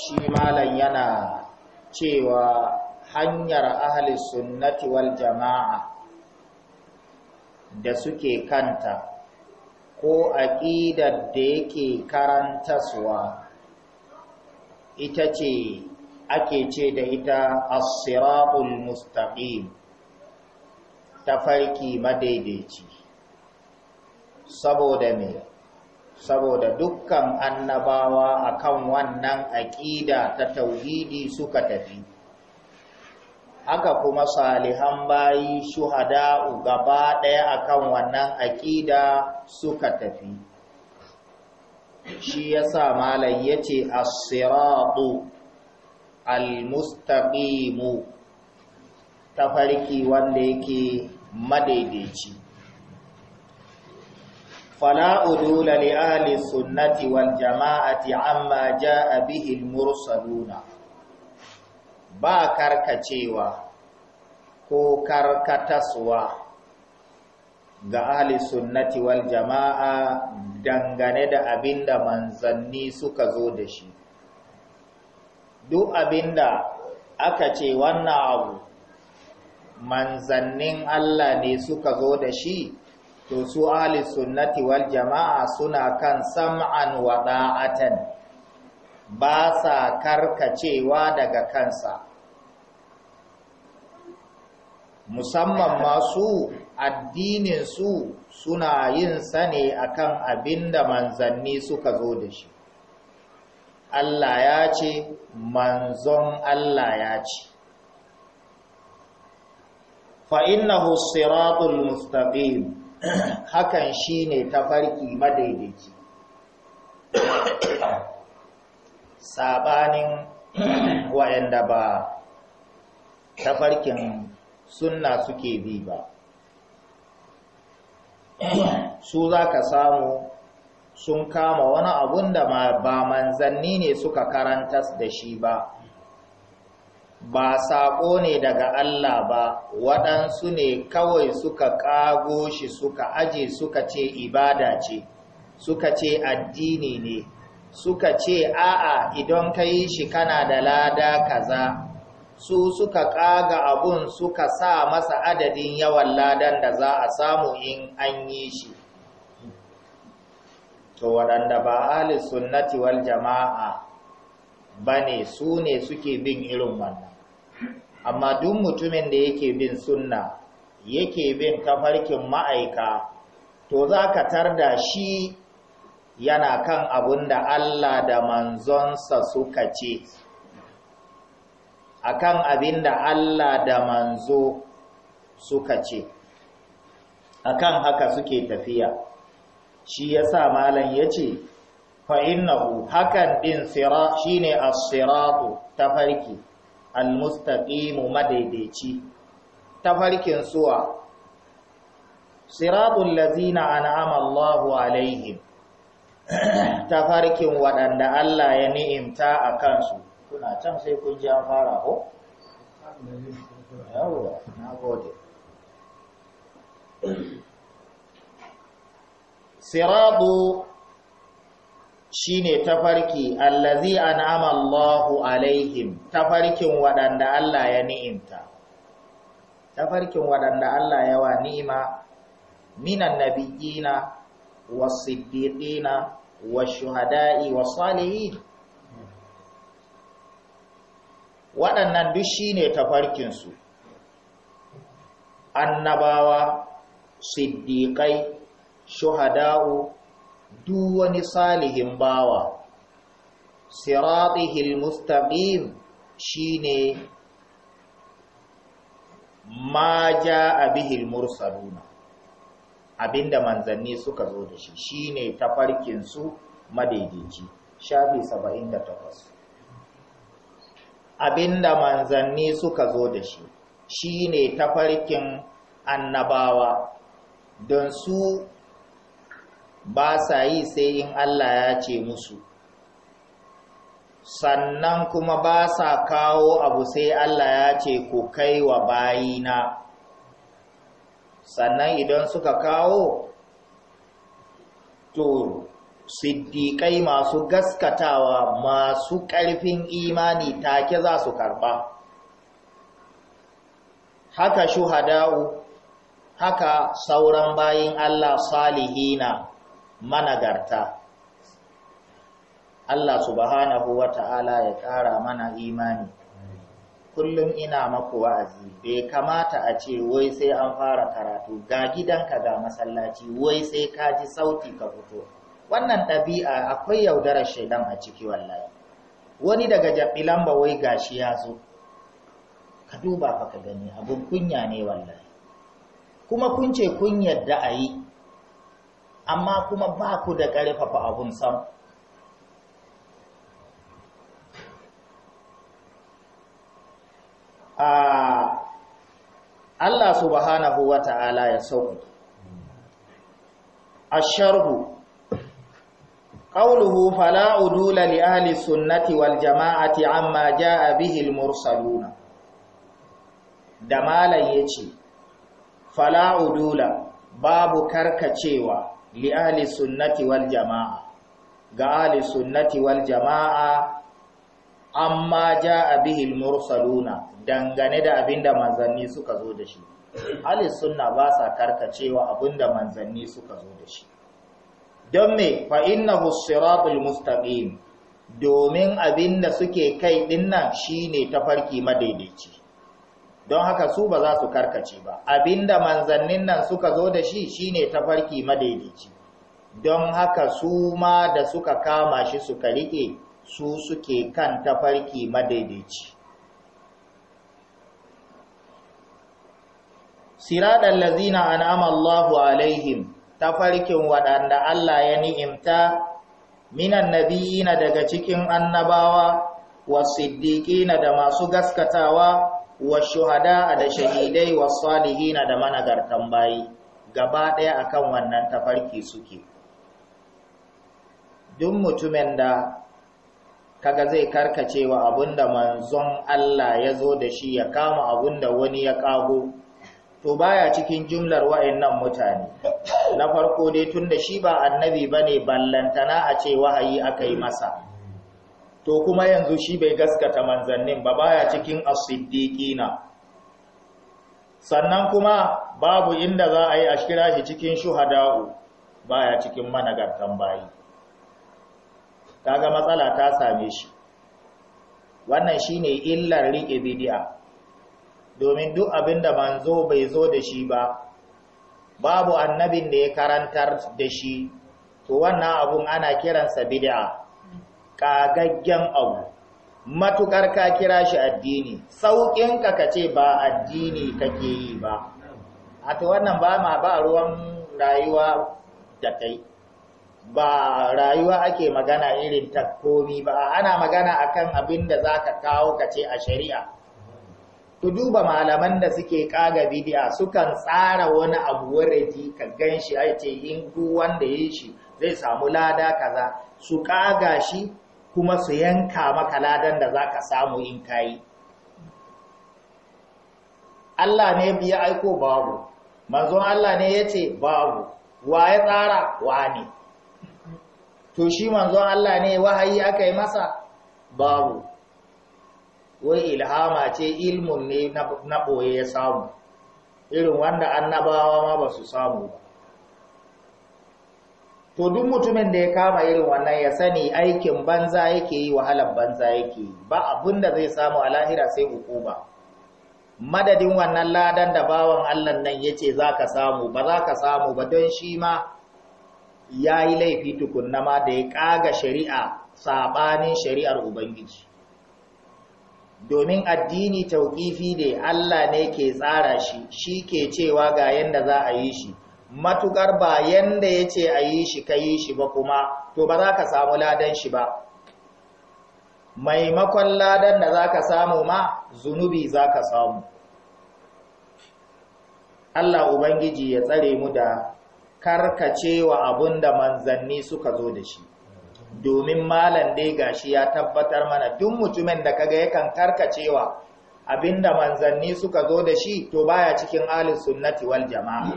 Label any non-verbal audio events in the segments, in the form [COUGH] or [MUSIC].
shi malam yana cewa hanyar ahli sunnati wal jama'a da suke kanta ko aƙidar da yake suwa ita ce ake ce da ita as-siratul Ta tafarki madaidaici saboda me saboda dukkan annabawa akan wannan aƙida ta tauhidi suka tafi haka kuma salihan bayi shuhada'u gaba ɗaya akan wannan aƙida suka tafi shi yasa malai yace as-siratu al-mustaqimu farki wanda yake madaidaici فلا أدول لآل السنة والجماعة عما جاء به المرسلون ba karkacewa ko karkataswa ga ahli sunnati wal jama'a dangane da abinda manzanni suka zo da shi duk abinda aka ce wannan abu manzannin Allah ne suka zo da shi to su ahli sunnati wal jama'a suna kan sam'an wa da'atan ba sa karkacewa daga kansa musamman masu addinin su suna yin sane akan abinda manzanni suka zo da shi Allah ya ce manzon Allah ya ce fa innahu siratul mustaqim [CLEARS THROAT] hakan shi ne tafarki madaidaici [CLEARS THROAT] saɓanin [CLEARS THROAT] wayanda ba tafarkin sunna suke bi ba su za ka samu sun kama wani abun da ba manzanni ne suka karanta da shi ba ba saƙo ne daga Allah ba waɗansu ne kawai suka ƙago shi suka aje suka ce ibada ce suka ce addini ne suka ce a'a idan ka yi shi kana da lada kaza su suka ƙaga abun suka sa masa adadin yawan ladan da za a samu in an yi shi to waɗanda ba ahli sunnati wal jama'a bane su ne suke bin irin wannan amma duk mutumin da yake bin sunna yake bin tafarkin ma'aika to za ka tarda shi yana kan abun da Allah da manzonsa suka ce kan abin da Allah da manzo suka ce akan haka suke tafiya shi ya yasa malam yace fa innahu hakan ɗin shi ne as ta tafarki al-mustaqimu madaidaici Ta farkin suwa siratul lazina an'ama Allahu alaihim [CLEARS THROAT] farkin waɗanda Allah ya ni'imta a kansu kuna can sai kun ji an fara ko yawa na gode shine tafarki allazi an amallahu alaihim tafarkin wadanda Allah ya ni'imta tafarkin waɗanda Allah ya wa ni'ima minan nabiyina was-siddiqina wash-shuhada'i salihin waɗannan duk shine tafarkin su annabawa siddiqai shuhada'u Duwani salihin bawa siratihil mustaqim shine ma jaa bihil mursaluna abinda manzanni suka zo da shi shine tafarkin su madaidaici shafi 78 abinda manzanni suka zo da shi shine tafarkin annabawa don su ba sa yi sai in Allah ya ce musu sannan kuma ba sa kawo abu sai Allah ya ce ku kai wa bayina sannan idan suka kawo to siddiƙai masu gaskatawa masu ƙarfin imani take za su karɓa haka shuhada'u haka sauran bayin Allah salihina managarta Allah subhanahu wa ta'ala ya ƙara mana imani kullum ina maku wa'azi bai kamata a ce wai sai an fara karatu ga gidanka ga masallaci wai sai ka ji sauti ka fito wannan ɗabi'a akwai yaudarar shaidan a ciki wallahi wani daga jabilan ba wai gashi ya zo ka duba ka gani abun kunya ne wallahi kuma kun ce kun yadda a amma kuma ba ku da ƙarfafa abun sam Allah subhanahu wa ta'ala ya sauƙi. Asharhu, ƙauluhu fala'udula li ahli sunnati wal jama'ati amma ja a bihil mursaluna. Da malam ya ce, fala'udula babu karkacewa li ahli sunnati wal jama'a ga ahli sunnati wal jama'a amma jaa bihi al mursaluna dangane da abinda manzanni suka zo da shi ahli sunna ba sa karkacewa abinda manzanni suka zo da shi don me fa innahu siratul mustaqim domin abinda suke kai dinnan shine tafarki madaidaici don haka su ba za su karkace ba abinda manzannin nan suka zo da shi shine tafarki madaidaici don haka su ma da suka kama shi suka rike su suke kan tafarki madaidaici siradan lazina an'ama Allahu alaihim tafarkin waɗanda Allah ya ni'imta minan nabiyina daga cikin annabawa wa wasiddiqina da masu gaskatawa wa shuhada da shahidai wa salihina da managartan bayi gaba ɗaya akan wannan tafarki suke duk mutumin da kaga zai karkacewa abinda manzon Allah ya zo da shi ya kama abinda wani ya kago to baya cikin jumlar wa'annan mutane na farko dai tunda shi ba annabi bane ballantana a ce wahayi aka yi masa to kuma yanzu shi bai gaskata manzannin ba baya cikin as-siddiqina sannan kuma babu inda za a yi a kira shi cikin shuhada'u baya cikin managartan bayi kaga matsala ta same shi wannan shine illar riƙe bidi'a domin duk abin da manzo bai zo da shi ba babu annabin da ya karantar da shi to wannan abun ana kiransa bid'a kagaggen abu Matuƙar ka kira shi addini sauƙinka ka ce ba addini kake yi ba a ta wannan ba ma ba ruwan rayuwa da kai ba rayuwa ake magana irin takomi ba ana magana akan abin da za ka kawo ka ce a shari'a ku duba malaman da suke kaga bidiya sukan tsara wani abu waradi ka ganshi a ce in wanda wanda yi shi zai samu lada kaza su kaga shi kuma su yanka maka ladan da za ka samu in kayi Allah ne biya aiko babu manzon Allah ne ya ce babu wa ya tsara wa ne to shi manzon Allah ne wahayi aka yi masa babu wai ilhama ce ilmun ne na ɓoye ya samu irin wanda annabawa ma ba su samu ba to duk mutumin da ya kama irin wannan ya sani aikin banza yake yi wahalar banza yake yi ba abin da zai samu a lahira sai hukuma madadin wannan ladan da bawan Allah nan ya ce za ka samu ba za ka samu ba don shi ma ya yi laifi tukunna ma da ya ƙaga shari'a saɓanin shari'ar Ubangiji. Domin addini tauƙifi ne Allah ne ke tsara shi, shi ke cewa ga yadda za a yi shi, matukar ba yanda ya ce a yi shi ka yi shi ba kuma to ba za ka samu ladan shi ba maimakon ladan da za ka samu ma zunubi za ka samu Allah Ubangiji ya tsare mu da karkacewa abun da manzanni suka zo da shi domin malam dai gashi ya tabbatar mana duk mutumin da kaga yakan karkacewa abinda manzanni suka zo da shi to baya cikin ahlus sunnati wal jama'a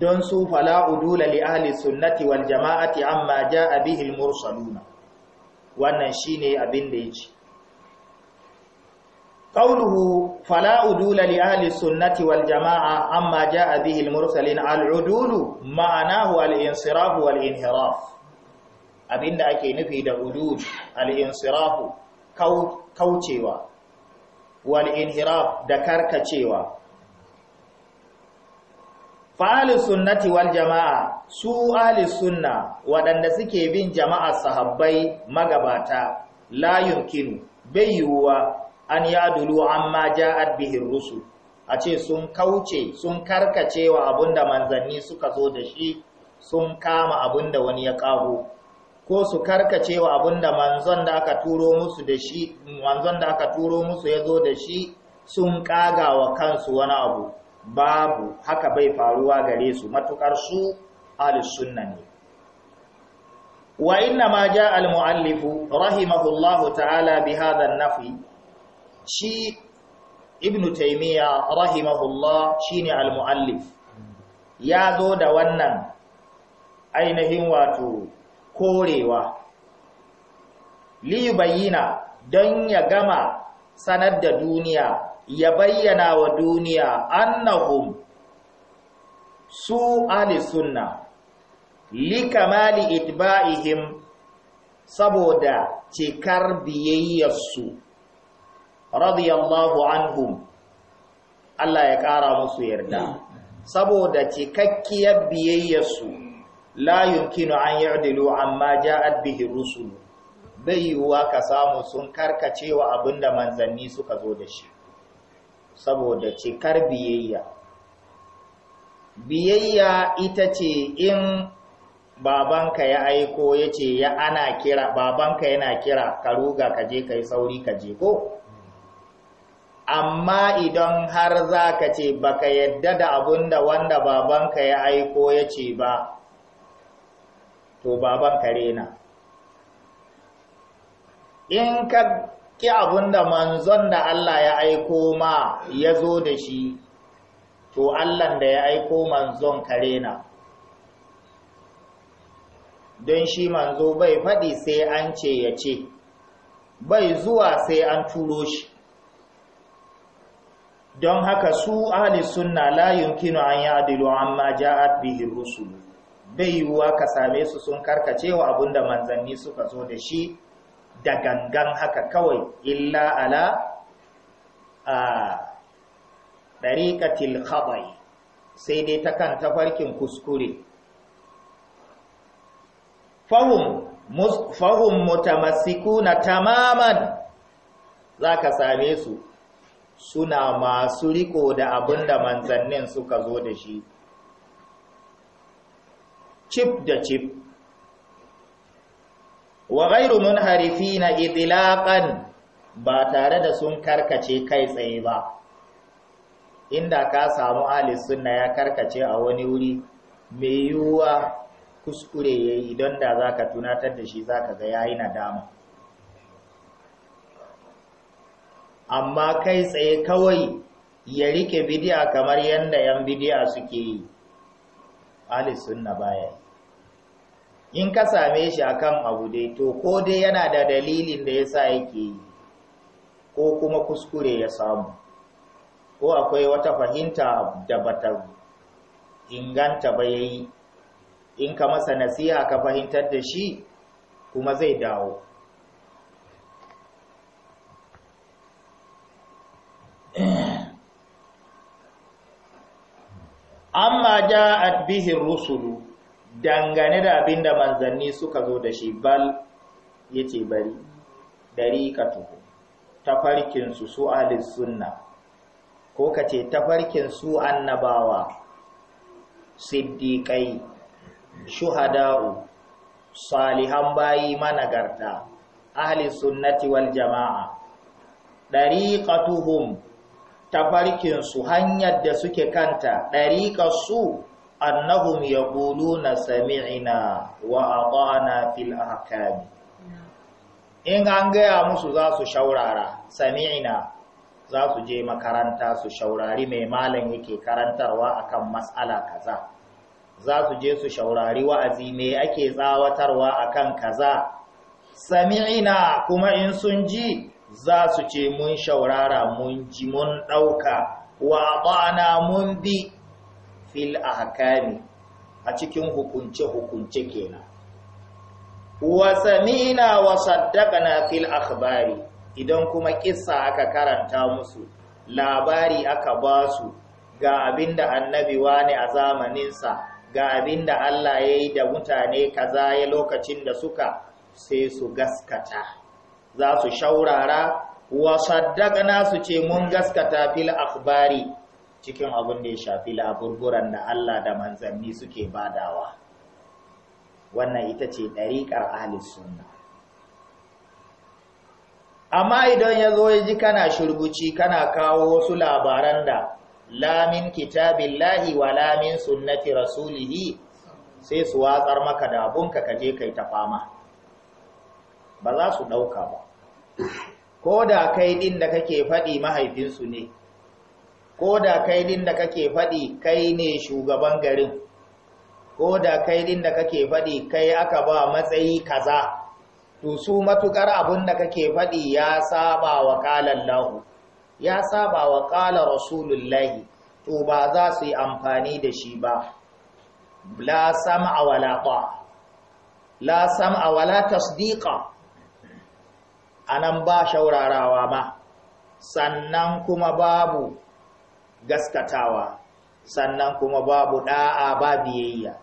don su fala udula li ahli sunnati wal jama'ati amma jaa bihi al mursaluna wannan shine abin da yake qawluhu fala udula li ahli sunnati wal jama'a amma jaa bihi al mursalin al udulu ma'anahu al insiraf wal inhiraf abinda ake nufi da udul al insiraf kaucewa wal inhiraf da karkacewa Fali sunnati wal jama'a su Ali sunna waɗanda suke bin jama'a sahabbai magabata layun kinu, bai yiwuwa an yadulu amma ja’ad bihin rusu, a ce sun kauce sun karkace wa da manzanni suka zo da shi sun kama da wani ya ƙaho, ko su karkace wa da manzon da aka turo musu da shi manzon da aka turo musu ya zo da shi sun ƙaga wa kansu wani abu babu haka bai faruwa gare su matukar su ahlus sunna ne wa inna ma ja al muallif rahimahullahu ta'ala bi hadha an nafi shi ibn taymiya rahimahullah shine al muallif ya zo da wannan ainihin wato korewa li bayyana don ya gama sanar da duniya ya bayyana wa duniya annahum su ahli sunna li kamali itba'ihim saboda cikar biyayyarsu radiyallahu anhum Allah ya ƙara musu yarda saboda cikakkiyar biyayyarsu la yumkinu an ya'dilu amma ja'at bihi rusul bai yiwuwa ka samu sun karkacewa abinda manzanni suka zo da shi saboda cikar biyayya biyayya ita ce in babanka ya aiko ya ce ya ana kira babanka yana kira ka ruga ka je ka yi sauri ka je ko amma idan har za ka ce baka yadda da abun da wanda babanka ya aiko ya ce ba to babanka rena in ka ki abinda manzon da Allah ya aiko ma ya zo da shi to Allah da ya aiko manzon na don shi manzo bai faɗi sai an ce ya ce bai zuwa sai an turo shi don haka su ahli sunna layin yumkinu an ya'dilu amma ja'at bihi rusul bai yiwuwa ka same su sun karkacewa abinda manzanni suka zo da shi da gangan haka kawai illa ala a ɗariƙatil khabai sai dai ta kan tafarkin kuskure fahim fahim na tamaman za ka same su suna masu riko da abin da manzannin suka zo da shi cif da cif wa ghairu munharifina idlaqan ba tare da sun karkace kai tsaye ba inda ka samu ahli sunna ya karkace a wani wuri mai yiwuwa kuskure yayi don da zaka tunatar da shi zaka ga yayi nadama amma kai tsaye kawai ya rike bidiya kamar yadda yan bidiya suke yi ahli sunna baya yi in ka same shi akan abu dai to ko dai yana da dalilin da yasa yake yi ko kuma kuskure ya samu ko akwai wata fahimta da bata inganta ba yayi in ka masa nasiha ka fahimtar da shi kuma zai dawo amma ja'at bihi rusulu dangane da abin da manzanni suka zo da shi bal ya ce bari dari ka tuhu tafarkinsu su sunna ko ka ce tafarkin su annabawa siddiƙai shuhada'u salihan bayi managarta ahli sunnati wal jama'a ɗariƙatuhum tafarkinsu hanyar da suke kanta su. annahum yaquluna sami'na wa ata'na fil ahkam in an gaya musu za su shaurara sami'na za su je makaranta su shaurari mai malam yake karantarwa akan mas'ala kaza za su je su shaurari wa'azi mai ake tsawatarwa akan kaza sami'ina kuma in sun ji za su ce mun shaurara mun ji mun ɗauka wa ba'ana mun bi fil ahkami a cikin hukunce-hukunce kenan wa samina wa saddaqna fil akhbari idan kuma kissa aka karanta musu labari aka ba su ga abinda annabi wani a zamaninsa ga abinda Allah ya yi da mutane kaza ya lokacin da suka sai su gaskata za su shaurara wa saddaqna su ce mun gaskata fil akhbari cikin abin da ya shafi laburburan da Allah da manzanni suke badawa wannan ita ce ɗariƙar ahalis sunna amma idan ya zo ya ji kana shirguci kana kawo wasu labaran da lamin Kitabin lahi wa lamin sunnati rasulihi sai su watsar maka da abun ka je kai ta fama ba za su ɗauka ba ko da kai ɗin da kake faɗi mahaifinsu ne ko da kai din da kake faɗi kai ne shugaban garin ko da kai din da kake faɗi kai aka ba matsayi kaza to su matukar abun da kake faɗi ya saba wa kalan lahu ya saba wa kala rasulullahi to ba za su yi amfani da shi ba la sam'a wala ta la sam'a wala tasdiqa anan ba shaurarawa ma sannan kuma babu gaskatawa sannan kuma babu da'a ba biyayya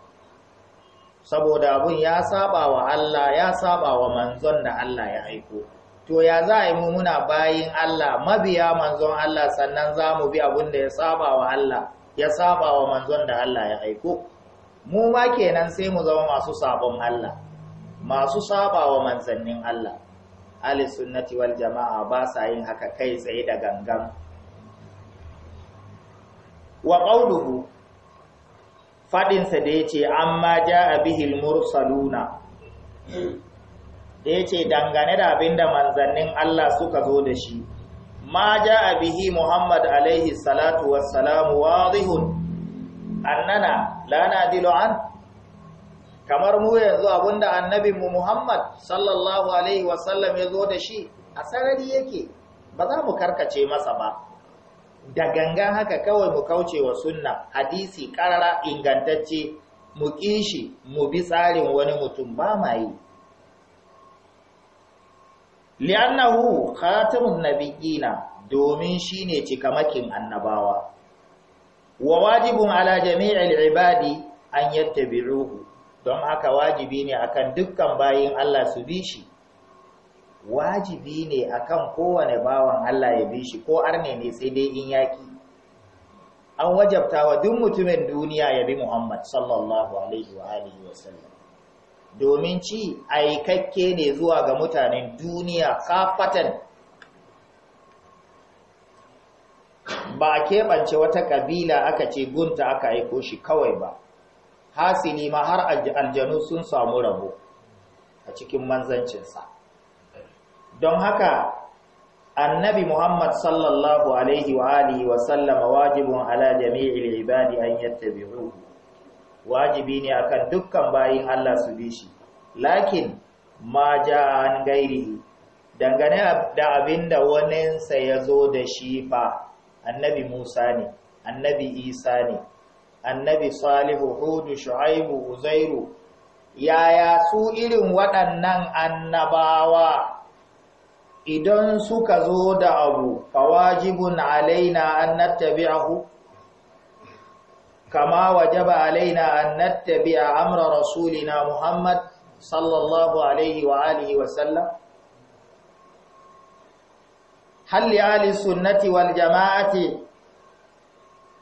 saboda abun ya saba wa Allah ya saba wa manzon da Allah ya aiko to ya za a yi muna bayin Allah mabiya manzon Allah sannan za mu bi abun da ya saba wa Allah ya saba wa manzon da Allah ya aiko mu ma kenan sai mu zama masu sabon Allah masu saba wa manzannin Allah Ali sunnati wal jama'a ba sa yin haka kai tsaye da gangan wa fadin faɗinsa da yace amma ja a bihil mursaluna da yace dangane da abinda manzannin Allah suka zo da shi ma ja a bihi Muhammad alaihi salatu wassalam wadihun annana la nadilu an kamar mu yanzu abinda annabinmu Muhammad sallallahu alaihi wasallam ya zo da shi a sarari yake ba za mu karkace masa ba da gangan haka kawai mu kauce wa sunna hadisi karara ingantacce mu kishi mu bi tsarin wani mutum ba ma yi li'annahu khatamun nabiyina domin shine cikamakin annabawa wa wajibun ala jami'il ibadi an yattabi'uhu don haka wajibi ne akan dukkan bayin Allah su bi shi wajibi ne akan kowane bawan Allah ya bi shi ko arne ne sai dai in yaki an wajabta wa duk mutumin duniya ya bi Muhammad sallallahu alaihi wa alihi wa sallam domin ci aikakke ne zuwa ga mutanen duniya kafatan ba a keɓance wata kabila aka ce gunta aka aiko shi kawai ba hasili ma har aljanu sun samu rabo a cikin manzancinsa don haka annabi Muhammad sallallahu alaihi wa alihi wa sallama wajibin ala jami'il ibadi an yattabi'uhu wajibi ne akan dukkan bayin Allah su bi shi lakin ma ja'a an gairihi dangane da abinda waninsa ya zo da shi fa annabi Musa ne annabi Isa ne annabi Salihu Hudu Shu'aibu Uzairu yaya su irin waɗannan annabawa idan suka zo da abu fawajibun alaina an nattabi'ahu kama wajaba alaina an nattabi'a amra rasulina Muhammad sallallahu alaihi wa alihi wa sallam hal li ahli sunnati wal jama'ati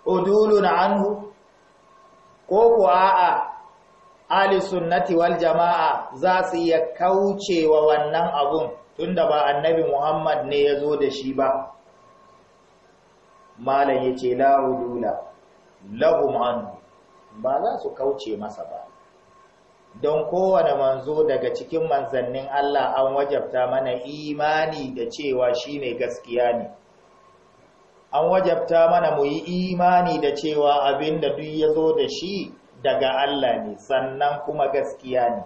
udulun anhu ko ko a'a ahli sunnati wal jama'a za su iya kaucewa wannan abun tunda ba annabi Muhammad ne ya zo da shi ba malam yace la ulula lahum anhu ba za su kauce masa ba don kowane manzo daga cikin manzannin Allah an wajabta mana imani da cewa shi ne gaskiya ne an wajabta mana mu yi imani da cewa abin da duk ya zo da shi daga Allah ne sannan kuma gaskiya ne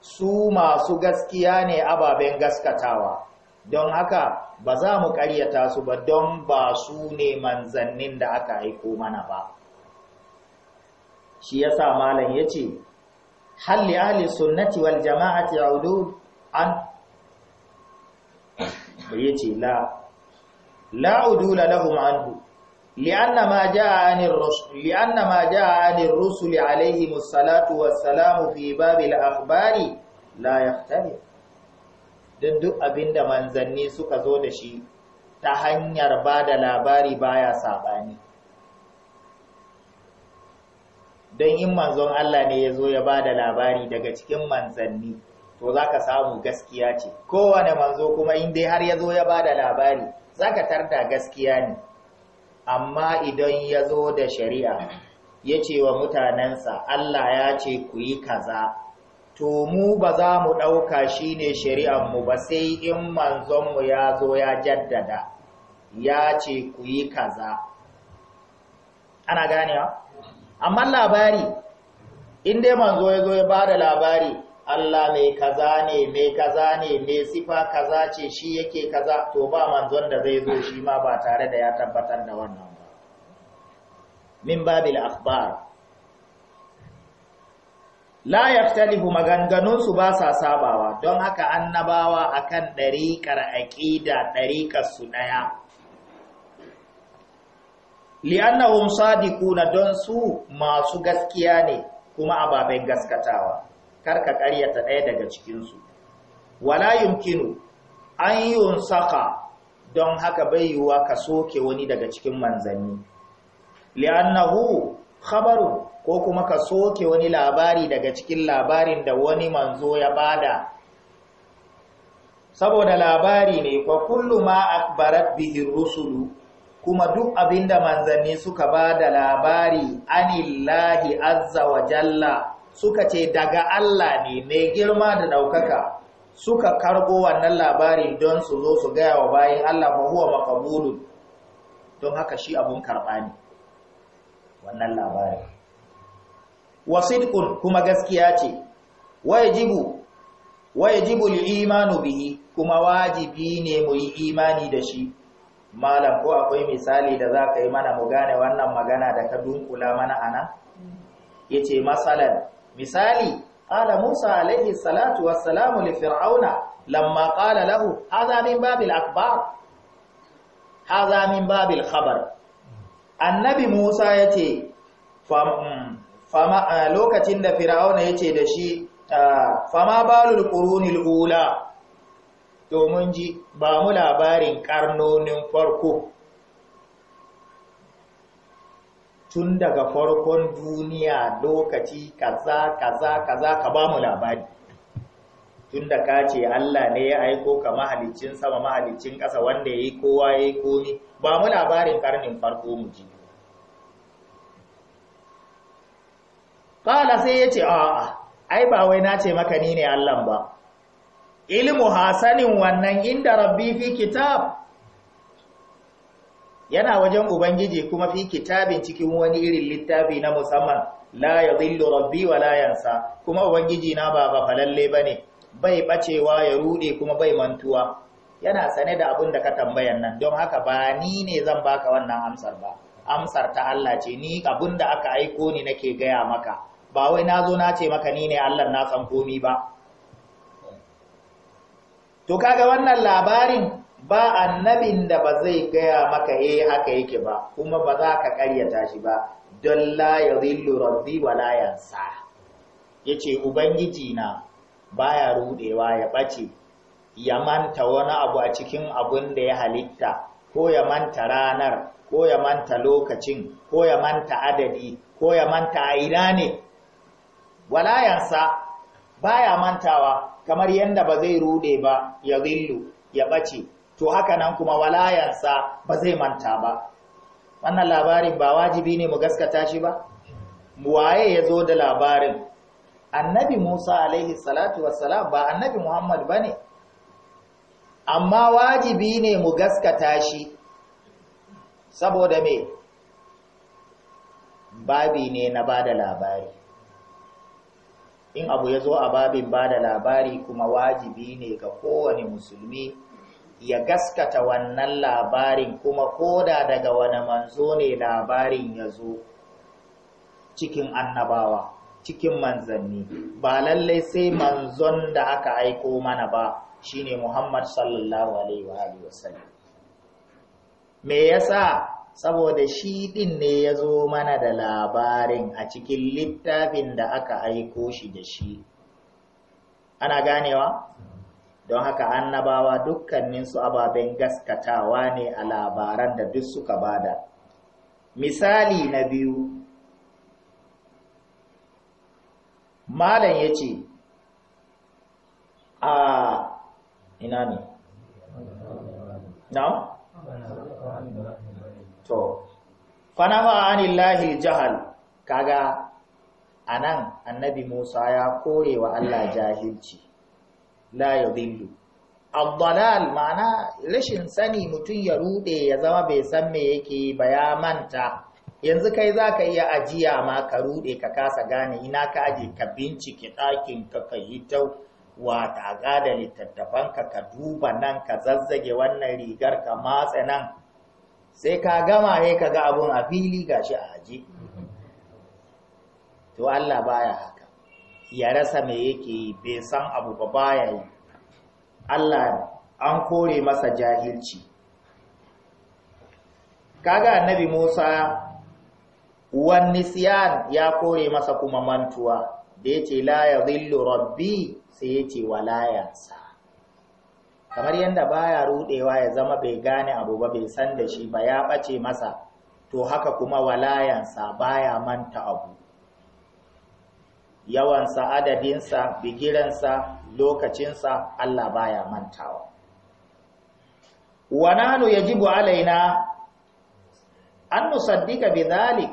su masu gaskiya ne ababen gaskatawa don haka ba za mu ƙaryata su ba don ba su ne manzannin da aka aiko mana ba shi ya yasa malam ce, halli ahli sunnati wal jama'ati audud an yace la la udula lahum anhu لأن ما جاء عن الرسل لأن ما جاء عن الرسل عليهم الصلاة والسلام في باب الأخبار لا يختلف dan duk abinda manzanni suka zo da shi ta hanyar ba da labari baya sabani don in manzon Allah ne ya zo ya bada labari daga cikin manzanni to za ka samu gaskiya ce kowane manzo kuma in dai har ya zo ya bada labari za ka tarda gaskiya ne amma idan ya zo da shari'a ya ce wa mutanensa Allah ya ce ku yi kaza to mu ba za mu ɗauka shi ne mu ba sai in manzonmu ya zo ya jaddada ya ce ku yi kaza ana ganewa amma labari in dai manzo ya zo ya ba da labari Allah mai kaza ne mai kaza ne mai sifa kaza ce shi yake kaza to ba manzon da zai zo shi ma ba tare da ya tabbatar da wannan ba min babil akhbar la yaftalihu maganganun su ba sa sabawa don haka annabawa akan dariƙar aqida dariƙar su daya li'annahum sadiquna don su masu gaskiya ne kuma ababen gaskatawa kar ka karyata ɗaya daga cikinsu wala yumkinu an yi yunsaka don haka bai yiwuwa ka soke wani daga cikin manzanni li'annahu khabaru ko kuma ka soke wani labari daga cikin labarin da wani manzo ya bada saboda labari ne kwa kullu ma akbarat bihin rusulu kuma duk abinda manzanni suka bada labari anillahi azza wa jalla suka ce daga Allah ne mai girma da ɗaukaka suka karɓo wannan labari don su zo su gaya wa bayan Allah ba huwa makabulun don haka shi abun karɓa ne wannan labari Wasidkun kuma gaskiya ce wajibu wajibu li imanu bihi kuma wajibi ne mu yi imani da shi malam ko akwai misali da za ka yi mana mu gane wannan magana da ka dunkula mana anan yace masalan misali ala Musa alaihi salatu wassalamu li fir'auna lamma qala lahu hadha min babil akbar hadha min babil khabar annabi Musa yace fama lokacin da fir'auna yace da shi fama balul qurunil ula domin ji ba mu labarin karnonin farko tun daga farkon duniya lokaci kaza kaza kaza ka ba mu labari tun da ka ce Allah ne ya aiko ka mahalicin sama mahalicin ƙasa wanda ya yi kowa ya yi komi ba mu labarin karnin farko mu ji Kala sai ya ce a'a ai ba wai na ce maka ni ne Allah ba ilmu hasanin wannan inda rabbi fi kitab yana wajen ubangiji kuma fi kitabin cikin wani irin littafi na musamman la yadhillu rabbi wa la kuma ubangiji na ba ba falalle bane bai bacewa ya rude kuma bai mantuwa yana sane da abin da ka tambayan nan don haka ba ni ne zan baka wannan amsar ba amsar ta Allah ce ni abin da aka aiko ni nake gaya maka ba wai na zo na ce maka ni ne Allah na san komi ba to kaga wannan labarin ba annabin da ba zai gaya maka eh haka yake ba kuma ba za ka karyata shi ba don la zillu rabbi wa la yansa yace ubangiji na baya rudewa ya bace ya manta wani abu a cikin abun da ya halitta ko ya manta ranar ko ya manta lokacin ko ya manta adadi ko ya manta a ina ne Walayansa baya mantawa kamar yadda ba zai rude ba ya zillu ya bace to haka nan kuma walayarsa ba zai manta ba wannan labarin ba wajibi ne mu gaskata shi ba waye ya zo da labarin annabi musa alaihi salatu wassalam ba annabi muhammad ba ne amma wajibi ne mu gaskata shi saboda me babi ne na bada labari in abu ya zo a babin bada labari kuma wajibi ne ga kowane musulmi ya gaskata wannan labarin kuma koda daga wani manzo ne labarin ya zo cikin annabawa cikin manzanni ba lallai sai manzon da aka aiko mana ba shine Muhammad sallallahu alaihi wa alihi me yasa saboda shi din ne ya zo mana da labarin a cikin littafin da aka aiko shi da shi ana ganewa don haka annabawa dukkanin su ababen gaskatawa ne a labaran da duk suka bada misali na biyu malam ya ce a ina ne to fanafa anillahi jahal kaga anan annabi musa ya wa allah jahilci la yadhillu ad-dalal ma'ana rashin sani mutum ya rude ya zama bai san me yake ba ya manta yanzu kai za ka iya ajiya ma ka rude ka kasa gane ina ka aje ka bincike ɗakin ka ka yi ta wata da littattafan ka ka duba nan ka zazzage wannan rigar ka matse nan sai ka gama ne ka ga abun a fili gashi a aje to Allah baya ya rasa me yake yi bai san abu ba baya yi Allah an kore masa jahilci kaga annabi Musa wani siyan ya kore masa kuma mantuwa da yace la yadhillu rabbi sai yace wala yansa kamar yadda baya rudewa ya zama bai gane abu ba bai san da shi ba ya ɓace masa to haka kuma walayansa baya manta abu yawansa adadinsa bigiransa lokacinsa Allah baya mantawa wa nanu yajibu alaina an nusaddika bidhalik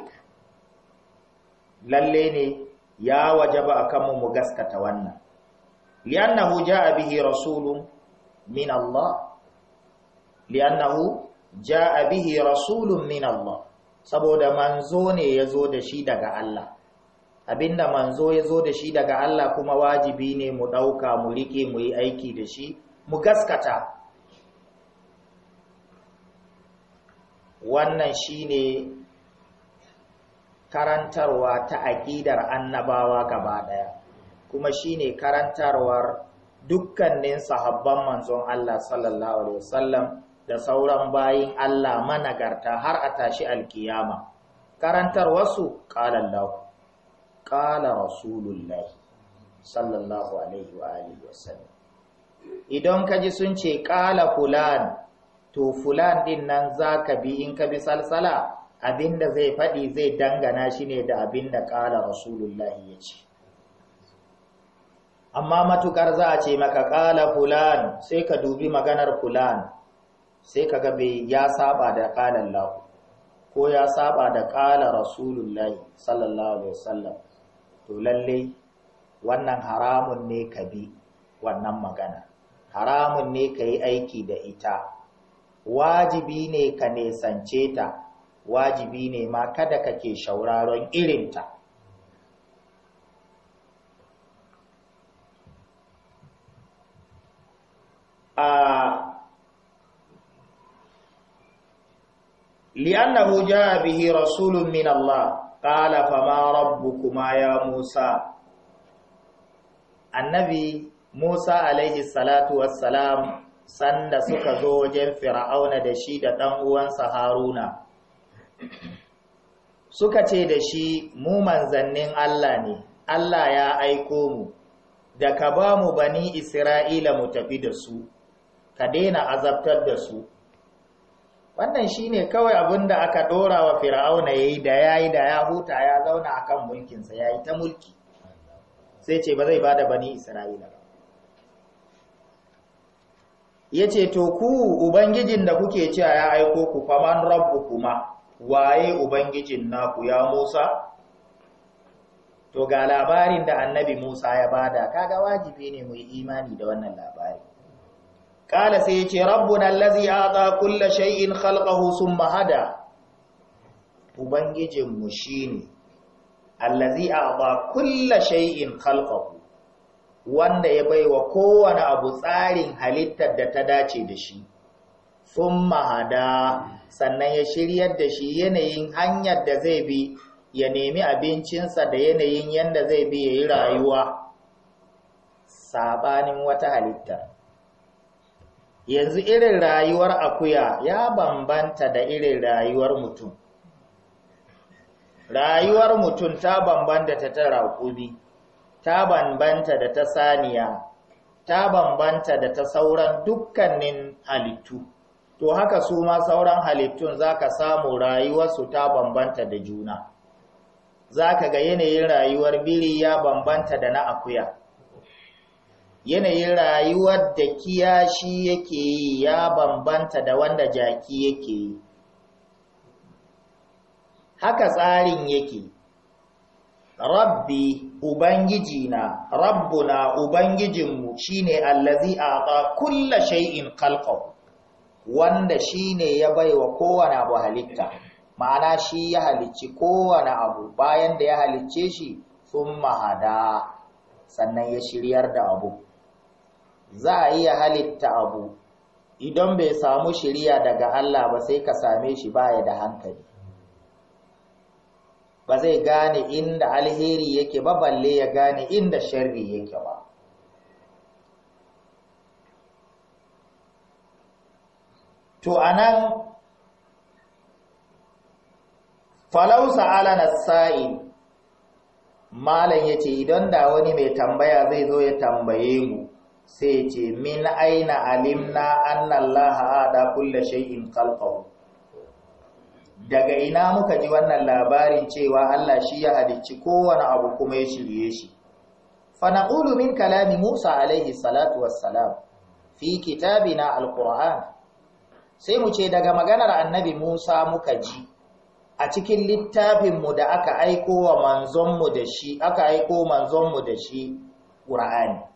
lalle ne ya wajaba akan mu gaskata wannan li'annahu jaa bihi rasulun min Allah li'annahu jaa bihi rasulun min Allah saboda manzo ne yazo da shi daga Allah abinda manzo ya zo da shi daga Allah kuma wajibi ne mu ɗauka mu riƙe, mu yi aiki da shi mu gaskata wannan shine karantarwa ta aƙidar annabawa gaba ɗaya kuma shine karantarwar dukkanin sahabban manzon Allah sallallahu alaihi wasallam da sauran bayin Allah managarta har a tashi alkiyama karantarwarsu ƙalallahu ƙala rasulullahi sallallahu alaihi wa alihi wasallam idan ka ji sun ce ƙala fulan to fulan din nan za ka bi in ka bi salsala abinda zai faɗi zai dangana shi ne da abinda ƙala rasulullahi ya ce amma matukar za a ce maka ƙala fulan sai ka dubi maganar fulan sai ka gabe ya saba da lahu ko ya saba da ƙala rasulullahi sallallahu alaihi wasallam to lalle wannan haramun ne ka bi wannan magana haramun ne ka yi aiki da ita wajibi ne ka nesance ta wajibi ne ma kada ka kake shauraron irinta a li'annahu jaa bihi rasulun min Allah ƙala fama rabbu kuma ya Musa. Annabi Musa alaihi salatu wassalam sanda suka zo wajen fir'auna da shi da ɗan uwansa Haruna. Suka ce da shi mu manzannin Allah ne, Allah ya aiko mu, da ka ba mu bani Isra'ila mu tafi da su, ka daina azabtar da su. wannan shine kawai abin da aka dora wa fir'auna yayi da yayi da ya huta ya zauna a akan mulkinsa yayi ta mulki sai ce ba zai bada bani isra'ila ba yace to ku ubangijin da kuke cewa ya aiko ku faman rabbukuma waye ubangijin naku ya Musa to ga labarin da annabi Musa ya bada kaga wajibi ne mu yi imani da wannan labari ƙala sai ya ce rabbuna allazi ata kulla shay'in khalqahu summa hada ubangijinmu shine allazi ata kulla shay'in khalqahu wanda ya baiwa kowane abu tsarin halittar da ta dace da shi sun mahada sannan ya shiryar da shi yanayin hanyar da zai bi ya nemi abincinsa da yanayin yadda zai bi ya yi rayuwa sabanin wata halittar. yanzu irin rayuwar akuya ya bambanta da irin rayuwar mutum rayuwar mutum ta bambanta ta ta raƙumi ta bambanta da ta saniya ta bambanta da ta sauran dukkanin halittu to haka su ma sauran halittun zaka samu rayuwarsu ta bambanta da juna zaka ga yanayin rayuwar biri ya bambanta da na akuya yanayin rayuwar da kiyashi yake yi ya bambanta da wanda jaki yake yi haka tsarin yake rabbi ubangijina na rabbuna ubangijinmu shi ne allazi a aqa kulla shai'in khalqahu wanda shi ne ya baiwa kowane abu halitta ma'ana shi ya halicci kowane abu bayan da ya halicce shi sun mahada sannan ya shiryar da abu za a iya halitta abu idan bai samu shirya daga Allah ba sai ka same shi baya da hankali ba zai gane inda alheri yake ba balle ya gane inda sharri yake ba to anan falau sa'ala sa’i malam yace idan da wani mai tambaya zai zo ya tambaye mu sai ce min aina alimna annallaha ada kulla shay'in khalqahu daga ina muka ji wannan labarin cewa Allah shi ya halicci kowane abu kuma ya shirye shi fa naqulu min kalami Musa alaihi salatu wassalam fi kitabina alquran sai mu ce daga maganar annabi Musa muka ji a cikin littafinmu da aka aiko wa manzon da shi aka aiko manzon da shi Qur'ani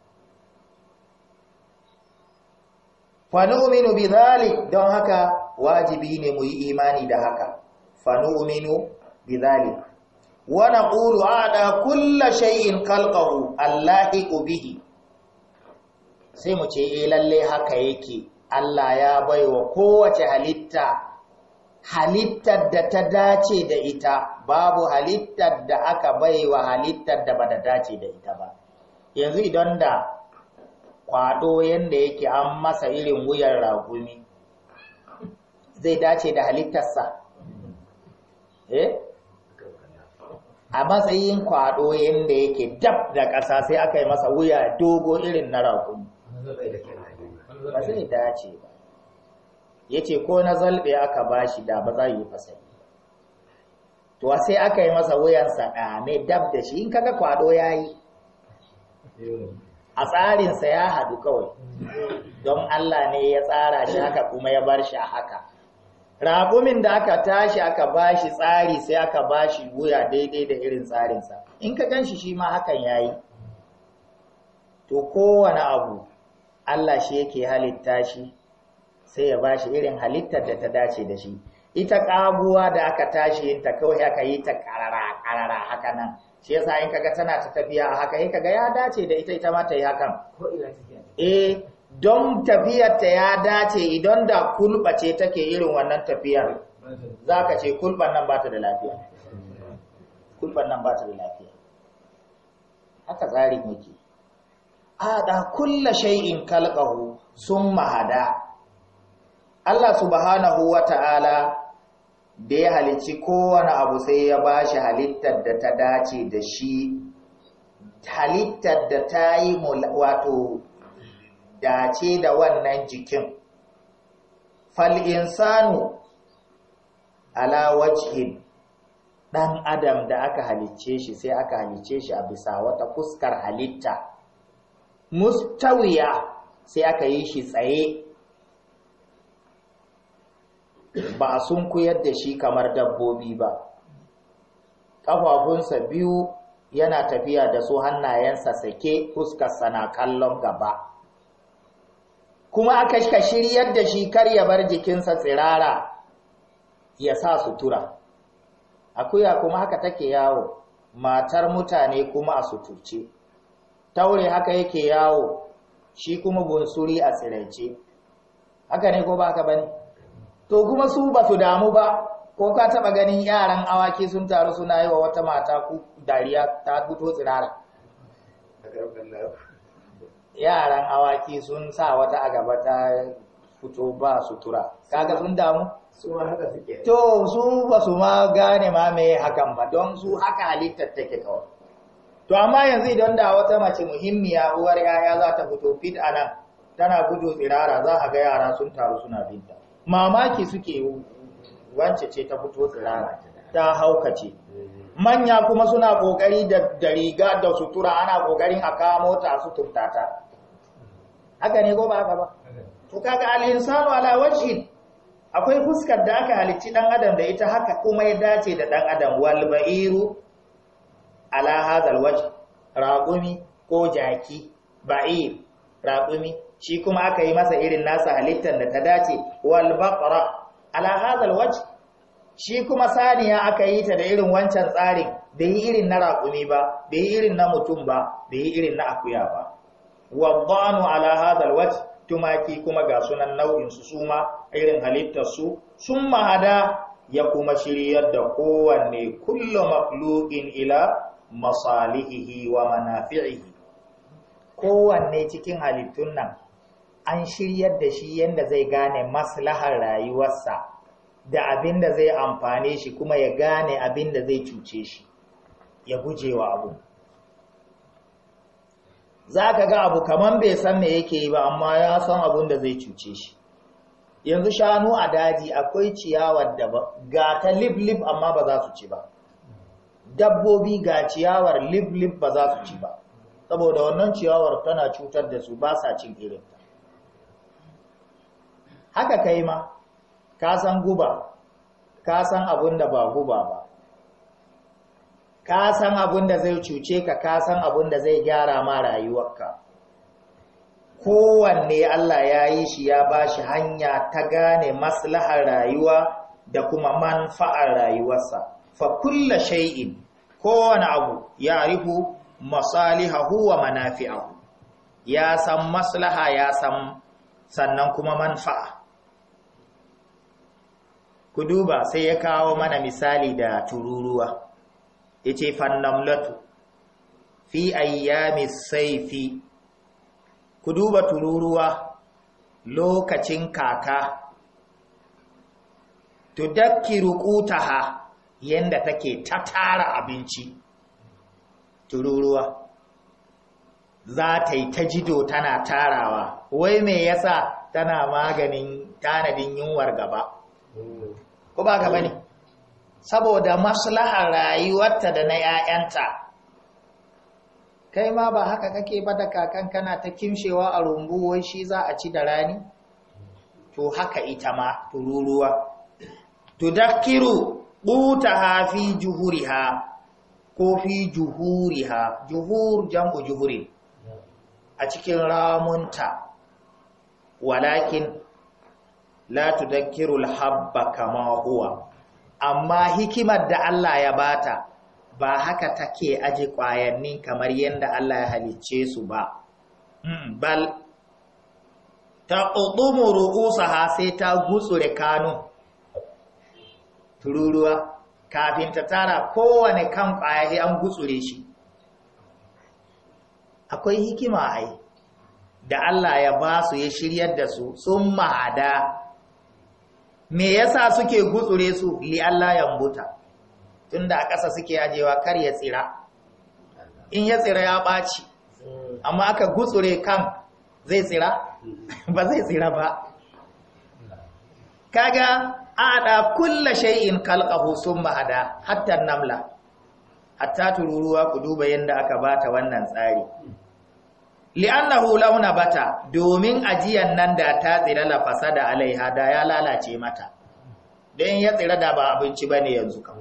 fa nu'minu bidhalik don haka wajibi ne mu yi imani da haka fa nu'minu bidhalik wa naqulu ada kullu shay'in khalqahu Allahi bihi sai mu ce eh lalle haka yake Allah ya baiwa kowace halitta halittar da ta dace da ita babu halittar da aka baiwa halittar da bata dace da ita ba yanzu idan da kwado yadda yake an masa irin wuyan ragumi zai dace da halittarsa eh a matsayin kwado yadda yake dab da ƙasa sai aka yi masa wuya dogo irin na ragumi ba zai dace ba ya ce ko na zalbe aka bashi da ba za yi fasari to sai aka yi masa wuyansa ɗame dab da shi in kaga kwado ya yi a tsarinsa ya haɗu kawai don Allah ne ya tsara shi haka kuma ya bar shi a haka raƙumin da aka tashi aka ba shi tsari sai aka ba shi wuya daidai da irin tsarinsa in ka gan shi shi ma hakan ya yi to kowane abu Allah shi yake halitta shi sai ya ba shi irin halittar da ta dace da shi ita ƙaguwa da aka tashi yinta kawai aka yi ta ƙarara ƙarara haka nan shi yasa in kaga tana ta tafiya a haka in kaga ya dace da ita ita ma ta yi hakan eh don tafiyar ta ya dace idan da kulba ce take irin wannan tafiyar zaka ce kulban nan ba ta da lafiya kulban nan ba ta da lafiya haka muke A da kulla shay'in khalqahu summa hada Allah subhanahu wa ta'ala da ya halicci kowane abu sai ya ba shi halittar da ta dace da shi halittar da ta yi wato dace da wannan jikin fal'insanu ala wajhin ɗan adam da aka halicce shi sai aka halicce shi a bisa wata fuskar halitta mustawiya sai aka yi shi tsaye ba a sunkuyar da shi kamar dabbobi ba ƙafafunsa biyu yana tafiya da su hannayensa sake fuskarsa na kallon gaba kuma aka shiryar da shi kar ya bar jikinsa tsirara ya sa sutura akuya kuma haka take yawo matar mutane kuma a suturce taure haka yake yawo shi kuma bunsuri a tsirance haka ne ko ba haka bane to kuma su ba su damu ba ko ka taba ganin yaran awaki sun taru suna yi wa wata mata ku dariya ta fito tsirara yaran awaki sun sa wata a gaba ta fito ba sutura kaga sun damu to su ba su ma gane ma me hakan ba don su haka halittar take kawai to amma yanzu idan da wata mace muhimmiya uwar yaya za ta fito fit a nan tana gudu tsirara za a ga yara sun taru suna binta mamaki suke wance ce ta fito tsirara ta haukace manya kuma suna kokari da riga da sutura ana kokarin a kamo ta su turtata haka ne ko ba haka ba to kaga al-insanu ala wajhi akwai fuskar da aka halicci dan adam da ita haka kuma ya dace da dan adam wal ba'iru ala hadal wajh raqumi ko jaki ba'ir raƙumi shi kuma aka yi masa irin nasa halittar da ta dace wal baqra ala hadal wajh shi kuma saniya aka yi ta da irin wancan tsarin bai yi irin na raƙumi ba bai yi irin na mutum ba bai yi irin na akuya ba wadhanu ala hadal wajh tumaki kuma ga sunan nau'in su suma irin halittar su sun mahada ya kuma shiryar da kowanne kullu makhluqin ila masalihihi wa manafi'ihi kowanne cikin halittun nan an shiryar da shi yadda zai gane maslahar rayuwarsa da abin da zai amfane shi kuma ya gane abin da zai cuce shi ya guje wa abu za ka ga abu kamar bai san me yake yi ba amma ya san abin da zai cuce shi yanzu shanu a daji akwai ciyawar da ga ta liblib amma ba za su ci ba dabbobi ga ciyawar lib-lib ba za su ci ba saboda wannan ciyawar tana cutar da su ba sa cin irinta haka kai ma ka san guba ka san abin da ba guba ba ka san abin da zai cuce ka ka san abin da zai gyara ma rayuwarka kowanne Allah ya yi shi ya ba shi hanya ta gane maslahar rayuwa da kuma manfa'ar rayuwarsa fa kulla shay'in kowane abu ya rihu masaliha wa manafi'a ya san maslaha ya san sannan kuma manfa'a ku duba sai ya kawo mana misali da tururuwa yace fannamlatu fi ayyami saifi ku duba tururuwa lokacin kaka tudakkiru qutaha yanda take ta tara abinci tururuwa za ta yi ta jido tana tarawa wai me yasa tana maganin tanadin yunwar gaba ko ba gaba ne saboda maslahar rayuwarta da na 'ya'yanta kai ma ba haka kake ba da kakan kana ta kimshewa a rumbu wai shi za a ci da rani to haka ita ma tururuwa dakiru, buta hafi juhuriha ko fi juhuri ha juhur jamo juhurin a cikin ramunta walakin la tudakkiru alhabba kama huwa amma hikimar da Allah ya bata ba haka take aje kwayanni kamar yanda Allah ya halicce su ba bal ta ƙuɗumu ru'usa ha sai ta gutsure kanu tururuwa kafin ta tara kowane kan ƙwayaye an gutsure shi akwai hikima ai da Allah ya ba su ya shiryar da su sun ma'ada me yasa suke gutsure su li Allah yambuta tunda a ƙasa suke ajewa kar ya tsira in ya tsira ya ɓaci amma aka gutsure kan zai tsira mm-hmm. [LAUGHS] ba zai tsira ba kaga ada kulla shay'in khalqahu summa hada hatta namla hatta tururuwa ku duba yanda aka bata wannan tsari li'annahu launa bata domin ajiyan nan da ta tsira la fasada alaiha da ya lalace mata dan ya tsira da ba abinci bane yanzu kan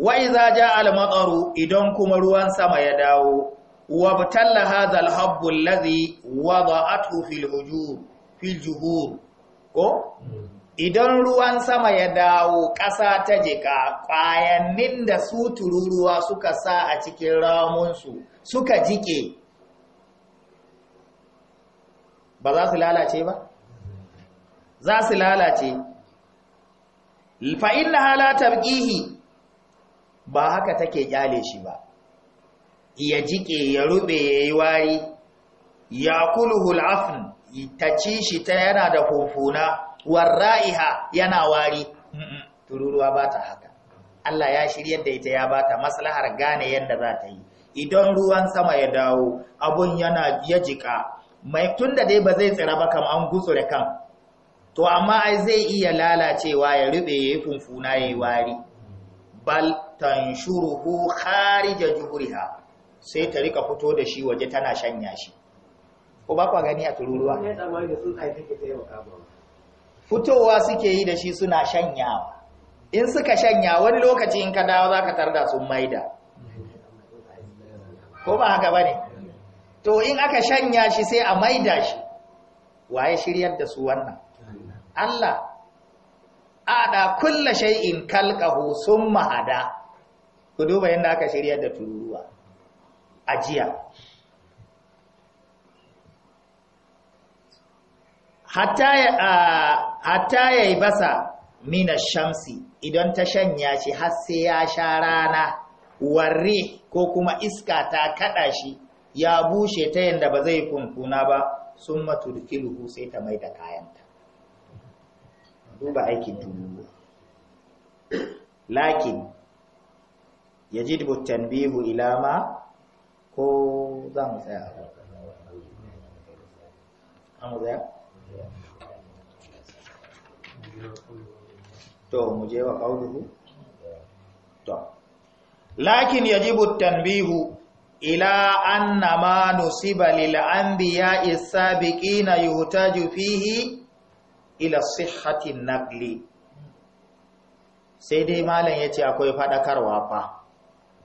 wa iza jaa al-mataru idan kuma ruwan sama ya dawo wa hadha al-habbu alladhi wada'athu fil hujur fil juhur ko idan ruwan sama ya dawo ƙasa ta jika ƙwayannin da su tururuwa suka sa a cikin ramunsu suka jike ba za su lalace ba za su lalace fa'in na halatar ƙihi ba haka take ƙyale shi ba ya jike ya ruɓe ya yi wari ya Kulu hulafin. ta ci shi ta yana da fofona Raiha yana wari tururuwa ba ta haka Allah ya shiryar da ita ya bata maslahar gane yadda za ta yi idan ruwan sama ya dawo abun yana ya jika mai tunda dai ba zai tsira ba kam an gutsu da kan to amma ai zai iya lalacewa ya rube ya yi funfuna ya wari bal tanshuruhu kharija juriha, sai ta rika fito da shi waje tana shanya shi ko ba kwa gani a tururuwa fitowa suke yi da shi suna shanyawa in suka shanya wani lokaci in ka dawo za ka tarda sun maida ko ba haka ba ne to in aka shanya shi sai a maida shi waye shiryar da su wannan Allah da kulla shay'in kalqahu summa hada ku duba yadda aka shiryar da tururuwa ajiya Hata ya yi basa mina shamsi idan ta shanya shi har sai ya sha rana warre ko kuma iska ta kada shi ya bushe ta yadda ba zai kunkuna ba sun maturkiluhu sai ta mai da kayanta duba aikin tunuwa. lakin ya ji tanbihu ilama ko za mu tsaya a to mu wa qauluhu to lakin yajibu tanbihu ila anna ma nusiba lil anbiya'i sabiqina yuhtaju fihi ila sihhati naqli sai dai malam yace akwai fadakarwa fa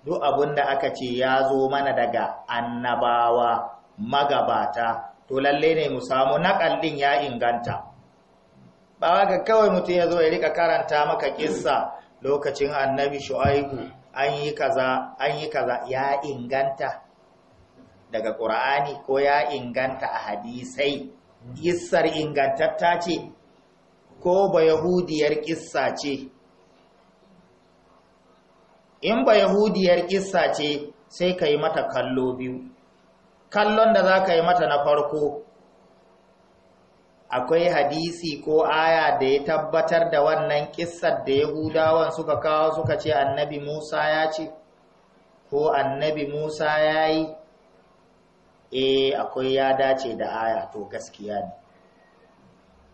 duk abinda aka ce ya zo mana daga annabawa magabata to lalle ne mu samu naƙal ya inganta ba ga kawai mutum ya zo ya rika karanta maka kissa lokacin annabi shu'aibu an yi kaza an yi kaza ya inganta daga ƙura'ani ko ya inganta a hadisai kissar ingantatta ce ko ba yahudiyar kissa ce in ba yahudiyar ce sai ka yi mata kallo biyu kallon da za ka yi mata na farko akwai hadisi ko aya da ya tabbatar da wannan kissar da yahudawan suka kawo suka ce annabi musa ya ce ko annabi musa ya yi e akwai ya dace da aya to gaskiya ne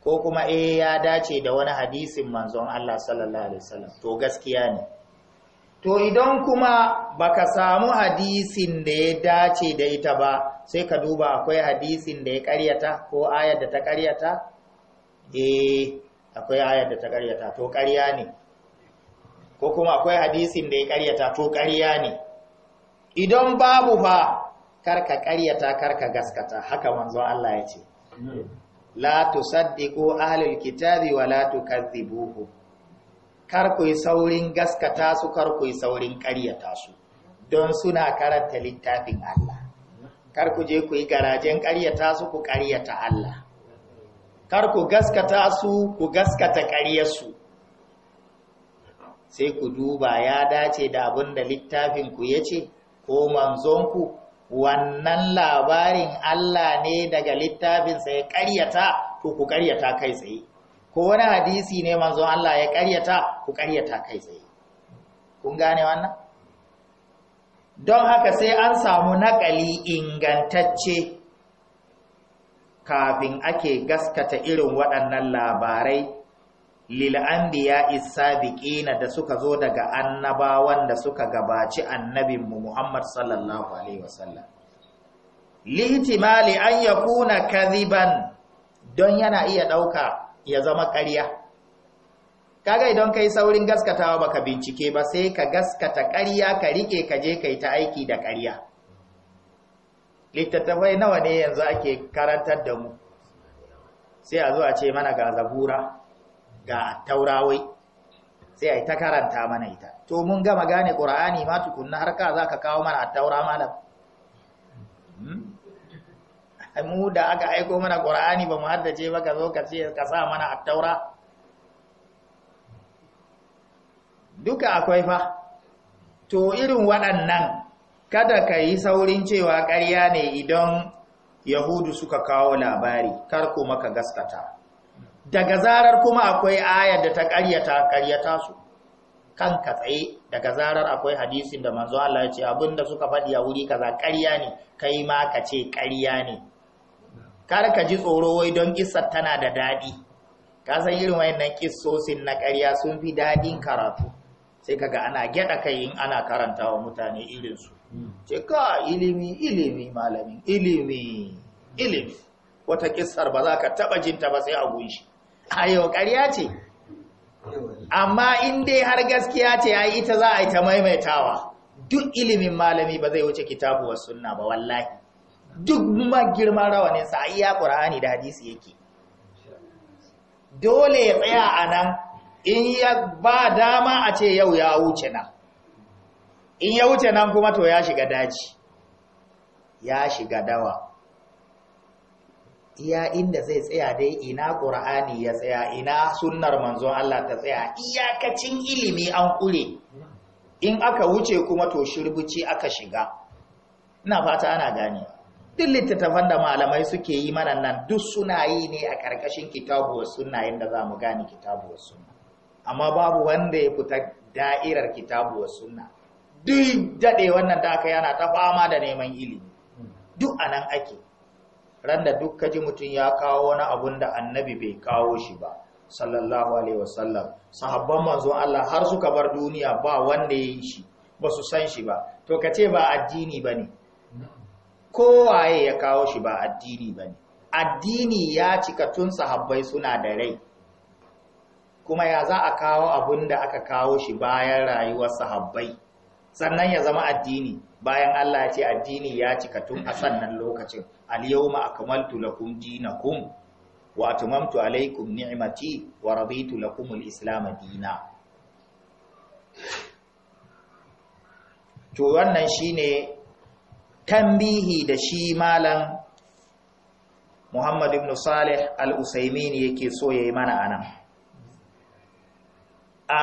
ko kuma e ya dace da wani hadisin manzon allah sallallahu alaihi wasallam to gaskiya ne to idan kuma baka samu hadisin da ya dace da ita ba sai ka duba akwai hadisin da ya karyata ko ayar da ta karyata eh akwai ayar da ta karyata to karya ne ko kuma akwai hadisin da ya karyata to karya ne idan babu ba, karka karyata karka gaskata haka manzon Allah ya ce la tusaddiqu ahlul kitabi wa la tukazzibuhum kar ku yi saurin gaskata su kar ku yi saurin ƙaryata su don suna karanta littafin Allah kar ku je ku yi garajen ƙaryata su ku ƙaryata Allah kar ku gaskata su ku gaskata ƙaryarsu sai ku duba ya dace da abin da littafin ku ya ce ko ku. wannan labarin Allah ne daga littafinsa ya ƙaryata ku ku ƙaryata kai tsaye ko wani hadisi ne manzon Allah ya ƙaryata ku ƙaryata kai tsaye kun gane wannan don haka sai an samu naƙali ingantacce kafin ake gaskata irin waɗannan labarai lil'ambiya isabiqina da suka zo daga annabawan da suka gabaci annabinmu Muhammad sallallahu alaihi wasallam lihtimali an kuna kadiban don yana iya ɗauka ya zama ƙarya kaga idan ka yi saurin gaskatawa ka bincike ba sai ka gaskata ƙarya ka riƙe ka je ka yi ta aiki da ƙarya littattafai nawa ne yanzu ake karantar da mu sai a zuwa ce mana ga zabura ga taurawai sai a yi ta karanta mana ita to mun gama gane ƙura'ani ma tukunna har ka za ka kawo mana a taura malam hmm? mu da aka aiko mana ƙur'ani ba mu haddace ba ka zo ka ce ka sa mana a taura duka akwai fa to irin waɗannan kada ka yi saurin cewa ƙarya ne idan yahudu suka kawo labari kar kuma ka gaskata daga zarar kuma akwai ayar da ta ƙaryata ƙaryata su kan ka tsaye daga zarar akwai hadisin da manzo Allah ya ce abinda suka faɗi a wuri kaza ƙarya ne kai ma ka ce ƙarya ne kar ka ji tsoro wai don kissar tana da daɗi ka san irin wayannan kissosin na ƙarya sun fi daɗin karatu sai kaga ana gyaɗa kai in ana karanta wa mutane irinsu ce ka ilimi ilimi malamin ilimi ilimi wata kissar ba za ka taɓa jinta ba sai a gunshi a yau ƙarya ce amma in dai har gaskiya ce yi ita za a yi ta maimaitawa duk ilimin malami ba zai wuce kitabu wa sunna ba wallahi duk ma girman rawanin sa iya qur'ani da hadisi yake dole ya tsaya a in ya ba dama a ce yau ya wuce nan in ya wuce nan kuma to ya shiga daji ya shiga dawa iya inda zai tsaya dai ina ƙur'ani ya tsaya ina sunnar manzon Allah ta tsaya iyakacin ilimi an kure in aka wuce kuma to shirbuci aka shiga ina fata ana ganewa duk littattafan da malamai suke yi mana nan duk suna yi ne a ƙarƙashin kitabuwar sunna yadda za mu gane kitabuwar sunna amma babu wanda ya fita da'irar kitabuwar sunna duk daɗe wannan da aka yana ta fama da neman ilimi duk a nan ake ran da duk kaji mutum ya kawo wani abun da annabi bai kawo shi ba sallallahu alaihi wasallam sahabban manzon Allah har suka bar duniya ba wanda ya yi shi ba su san shi ba to ka ce ba addini ba ne kowaye ya kawo shi ba addini ba ne addini ya cika tun sahabbai suna da rai kuma ya za a kawo abin da aka kawo shi bayan rayuwar sahabbai sannan ya zama addini bayan Allah ya ce addini ya cika tun a sannan lokacin al-yawma akmaltu lakum dinakum wa atmamtu alaykum ni'mati wa raditu lakum al-islam dina to wannan shine tambihi da shi malam Muhammad ibn Salih al-Usaimin yake so yayi mana anan a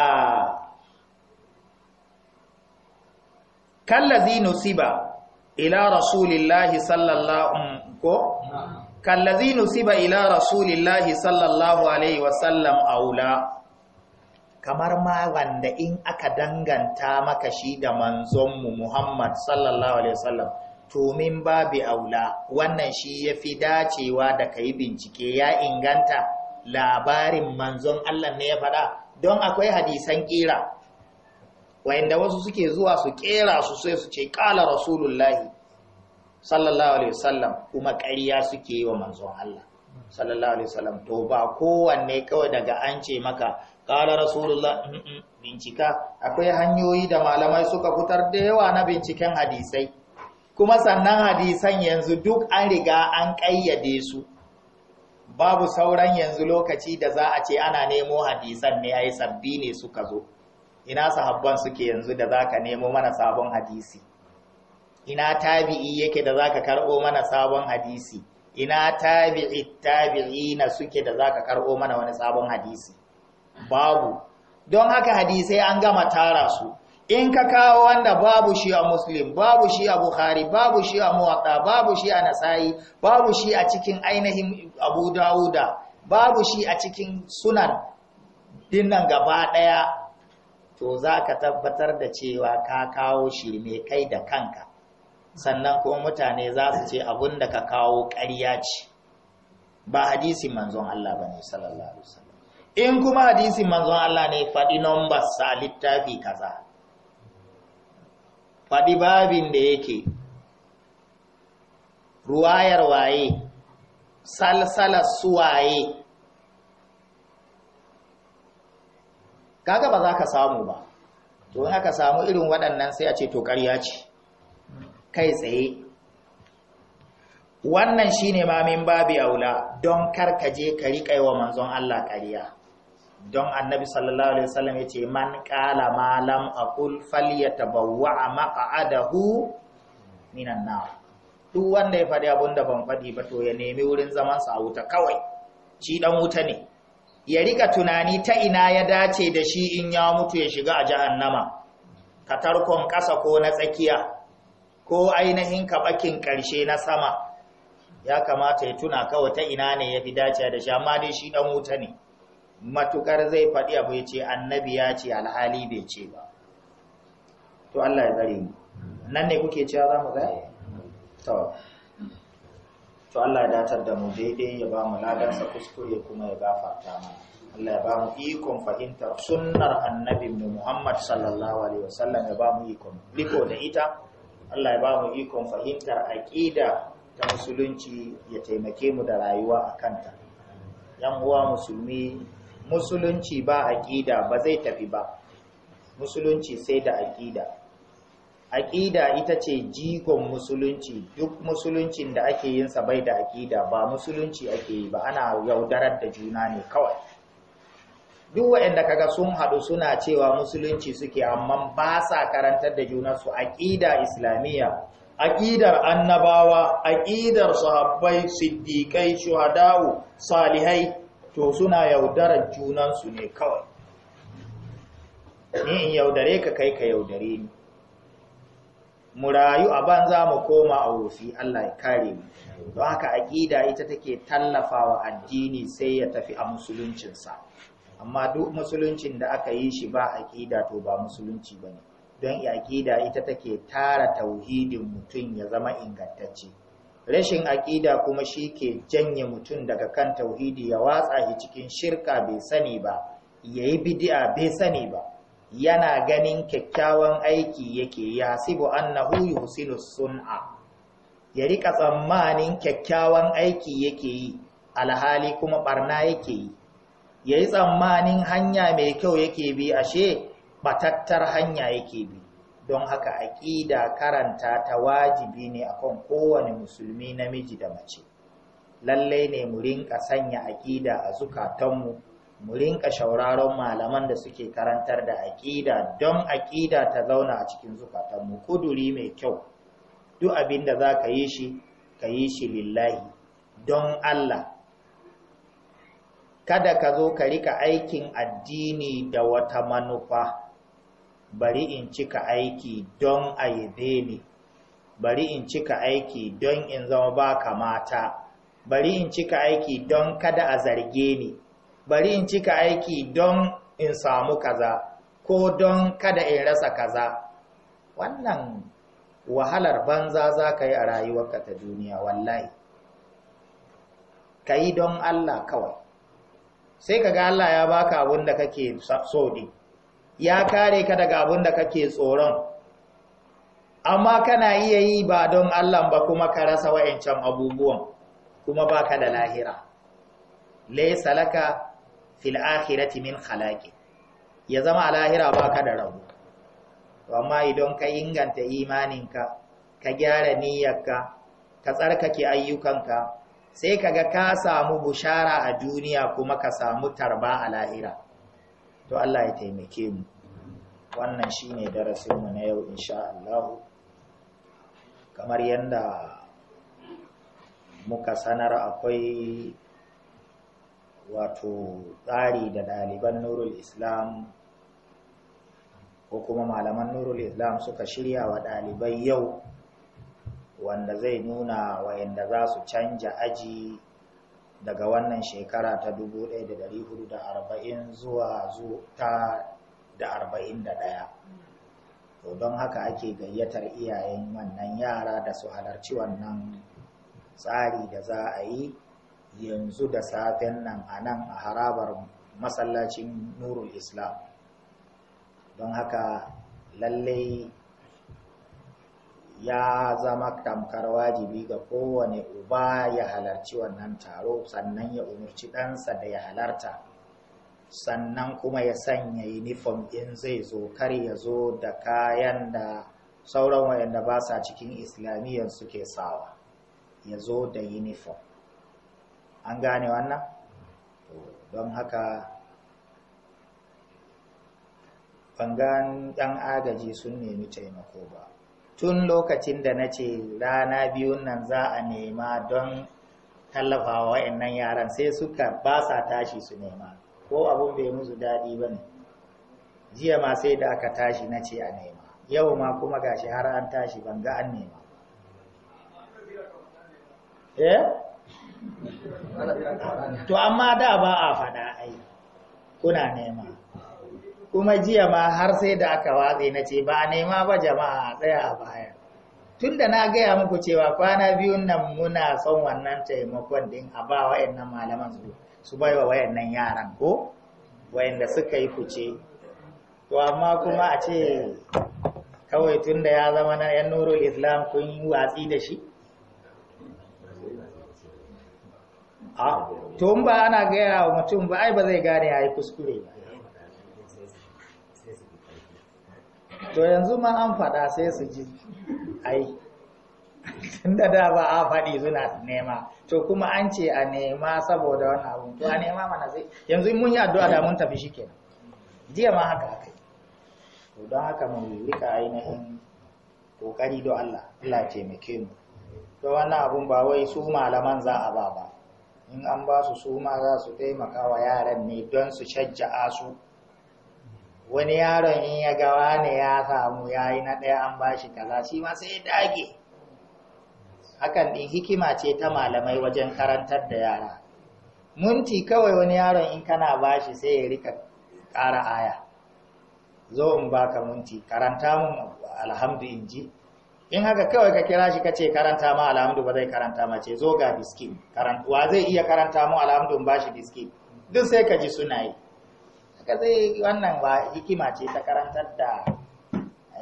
kallazi nusiba ila rasulillahi sallallahu ko kallazi nusiba ila rasulillahi sallallahu alaihi wasallam aula kamar ma wanda in aka danganta maka shi da manzon mu Muhammad sallallahu alaihi wasallam to min babi aula wannan shi ya fi dacewa da ka yi bincike ya inganta labarin manzon Allah ne ya faɗa don akwai hadisan ƙira wayanda wasu suke zuwa su ƙera su sai su ce ƙala rasulullahi sallallahu alaihi wasallam kuma ƙarya suke yi wa manzon Allah sallallahu alaihi wasallam to ba kowanne kawai daga an ce maka ƙala rasulullah bincika akwai hanyoyi da malamai suka fitar da yawa na binciken hadisai kuma sannan hadisan yanzu duk an riga an ƙayyade su babu sauran yanzu lokaci da za a ce ana nemo hadisan ne ai sabbi ne suka zo ina sahabban suke yanzu da za ka nemo mana sabon hadisi ina tabi'i yake da za ka karɓo mana sabon hadisi ina tabi'i tabi'i na suke da za ka karɓo mana wani sabon hadisi babu don haka hadisai an gama tara su in ka kawo wanda babu shi a muslim babu shi a bukhari babu shi a muwaɗa babu shi a Nasayi, babu shi a cikin ainihin abu dawuda babu shi a cikin sunan dinnan gaba ɗaya to za ka tabbatar da cewa ka kawo shi mai kai da kanka sannan kuma mutane za su ce abun da ka kawo ƙarya ce ba hadisi manzon Allah ba ne sallallahu alaihi wasallam in kuma hadisi manzon Allah ne faɗi numbers a littafi kaza faɗi babin da yake ruwayar waye su suwaye kaga ba za ka samu ba to haka samu irin waɗannan sai a ce to ƙarya ce kai tsaye wannan shine ma min babi aula don karkaje ka riƙa yi wa manzon Allah ƙarya don annabi sallallahu alaihi wasallam ya ce man ma malam aqul falyatabawwa maq'adahu minan nar duk wanda ya faɗi abun da ban faɗi ba to ya nemi wurin zaman sa wuta kawai shi dan wuta ne ya rika tunani ta ina ya dace da shi in ya mutu ya shiga a jahannama Ka tarkon ƙasa ko na tsakiya ko ainihin bakin karshe na sama ya kamata ya tuna kawai ta ina ne ya fi dace da shi amma dai shi dan wuta ne matukar zai faɗi abu ya ce annabi ya ce alhali bai ce ba to Allah ya tsare mu nan ne kuke cewa za mu zai to to Allah ya datar da mu daidai ya ba mu ladansa kuskure kuma ya gafarta mana Allah ya ba mu ikon fahimtar sunnar annabi mu Muhammad sallallahu alaihi wasallam ya ba mu ikon liko da ita Allah ya ba mu ikon fahimtar aqida ta musulunci ya taimake mu da rayuwa a kanta yan uwa musulmi musulunci ba aƙida ba zai tafi ba musulunci sai da aƙida aƙida ita ce jigon musulunci duk musuluncin da ake yin sa bai da aƙida ba musulunci ake yi ba ana yaudarar da juna ne kawai duk waɗanda kaga sun haɗu suna cewa musulunci suke amma ba sa karantar da juna su aƙida islamiyya aƙidar annabawa aƙidar sahabbai siddiƙai shuhada'u salihai to suna yaudarar junansu ne kawai ni in yaudare ka kai ka yaudare ni mu rayu a za mu koma a wofi Allah ya kare mu don haka aqida ita take tallafawa addini sai ya tafi a musuluncinsa amma duk musuluncin da aka yi shi ba aqida to ba musulunci bane don aqida ita take tara tauhidin mutum ya zama ingantacce rashin aƙida kuma shi ke janye mutum daga kan tauhidi ya watsa shi cikin shirka bai sani ba ya yi bidi'a bai sani ba yana ganin kyakkyawan aiki yake ya sibu annahu yuhsinu sun'a ya rika tsammanin kyakkyawan aiki yake yi alhali kuma barna yake yi ya yi tsammanin hanya mai kyau yake bi ashe batattar hanya yake bi don haka aƙida karanta ta wajibi ne akan kowane musulmi namiji da mace lallai ne mu rinka sanya aƙida a zukatanmu mu rinka shauraron malaman da suke karantar da aƙida don aƙida ta zauna a cikin zukatanmu kuduri mai kyau duk abin da za ka yi shi ka yi shi lillahi don Allah kada ka zo ka rika aikin addini da wata manufa bari in cika aiki don a yi ni bari in cika aiki don in zama ba kamata bari in cika aiki don kada a zarge ni bari in cika aiki don in samu kaza ko don kada in rasa kaza wannan wahalar banza za ka yi a rayuwarka ta duniya wallahi ka yi don Allah kawai sai ka ga Allah ya baka abin da kake so din ya kare ka daga abin da kake tsoron amma kana iya yi ba don Allah ba kuma ka rasa wa'ancan abubuwan kuma baka da lahira laysa laka fil akhirati min khalaqi ya zama a lahira baka da rabu amma idan ka inganta imaninka ka gyara niyyarka ka tsarkake ayyukanka sai kaga ka samu bushara a duniya kuma ka samu tarba a lahira to Allah ya taimake mu wannan shine mu na yau insha Allah kamar yadda muka sanar akwai wato tsari da ɗaliban nurul islam ko kuma malaman nurul islam suka shirya wa ɗalibai yau wanda zai nuna wayanda za su canja aji daga wannan shekara ta 1440 zuwa ta da 41 to don haka ake gayyatar iyayen wannan yara da su halarci wannan tsari da za a yi yanzu da safen nan a nan a harabar masallacin nurul islam don haka lallai ya zama tamkar wajibi ga kowane uba ya halarci wannan taro sannan ya umarci ɗansa da ya halarta sannan kuma ya sanya uniform in zai zo kar ya zo da kayan da sauran wayanda ba sa cikin islamiyyar suke sawa ya zo da uniform an gane wannan don haka bangan yan agaji sun nemi taimako ba tun lokacin da na ce rana biyun nan za a nema don tallafawa wa'annan yaran sai suka ba sa tashi su nema ko abun bai musu daɗi ba ne jiya ma sai da aka tashi na ce a nema yau ma kuma gashi har an tashi ban ga an nema eh? to amma da ba a faɗa ai kuna nema kuma jiya ma har sai da aka watse na ce ba nema ba jama'a a tsaya a baya tunda na gaya muku cewa kwana biyun nan muna son wannan taimakon din a ba wayannan malaman su su bai wa wayannan yaran ko wayanda suka yi kuce. to amma kuma a ce kawai tunda ya zama na yan nurul islam kun yi watsi da shi to ba ana gaya wa mutum ba ai ba zai gane ya yi kuskure ba to yanzu ma an faɗa sai su ji ai tunda da ba a faɗi suna nema to kuma an ce a nema saboda wani abu to a nema mana sai yanzu mun yi addu'a da mun tafi shi jiya ma haka haka to don haka mun rika ainihin kokari don Allah Allah ke mu to wannan abun ba wai su malaman za a ba ba in an ba su su ma za su taimaka wa yaran ne don su shajja'a su wani yaron in ya gawa ne ya samu ya yi na ɗaya an ba shi kaza shi ma sai ya dage hakan ɗin hikima ce ta malamai wajen karantar da yara munti kawai wani yaron in kana ba shi sai ya rika ƙara aya zo in baka munti karanta mun alhamdu in ji in haka kawai ka kira shi ka ce karanta ma alhamdu ba zai karanta ma ce zo ga biskin wa zai iya karanta mu alhamdu in ba shi biskin duk sai ka ji suna yi ka zai wannan ba hikima ce ta karantar da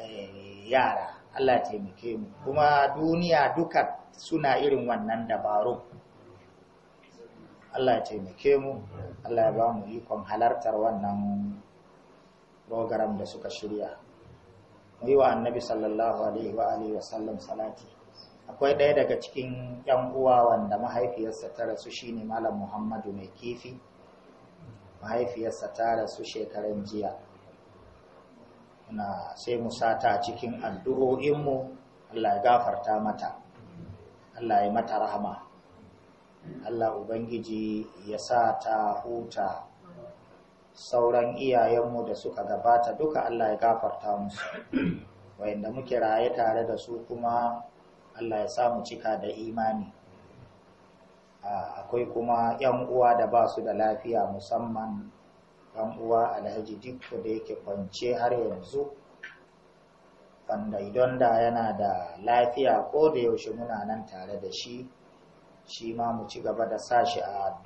eh, yara Allah taimake mu kuma duniya duka suna irin wannan dabaru Allah taimake mu Allah ya ba mu ikon halartar wannan program da suka shirya mu yi wa annabi sallallahu alaihi wa wa sallam salati akwai ɗaya daga cikin 'yan uwa wanda mahaifiyarsa ta rasu shine malam Muhammadu mai kifi mahaifiyarsa ta rasu shekaran jiya na sai mu sata cikin addu'o'inmu Allah ya gafarta mata Allah ya mata rahama Allah Ubangiji ya sa ta huta sauran iyayenmu da suka gabata duka Allah ya gafarta musu wayanda muke raye tare da su kuma Allah ya samu cika da imani akwai kuma yan uwa da ba su da lafiya musamman yan uwa alhaji dikko da yake kwance har yanzu wanda idan da yana da lafiya ko da yaushe muna nan tare da shi shi ma mu ci gaba da sa shi a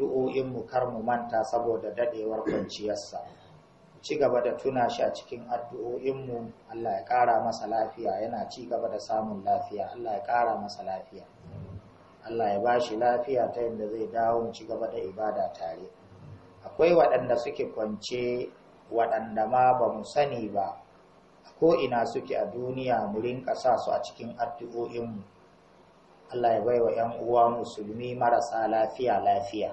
mu kar mu manta saboda dadewar kwanciyarsa ci gaba da tuna shi a cikin addu'o'inmu Allah ya ƙara masa lafiya yana ci gaba da samun lafiya Allah ya ƙara masa lafiya Allah ya ba shi lafiya ta yadda zai dawo ci gaba da ibada tare akwai waɗanda suke kwance waɗanda ma ba mu sani ba ko ina suke a duniya mu rinka sa su a cikin addu'o'inmu Allah ya baiwa 'yan uwa musulmi marasa lafiya lafiya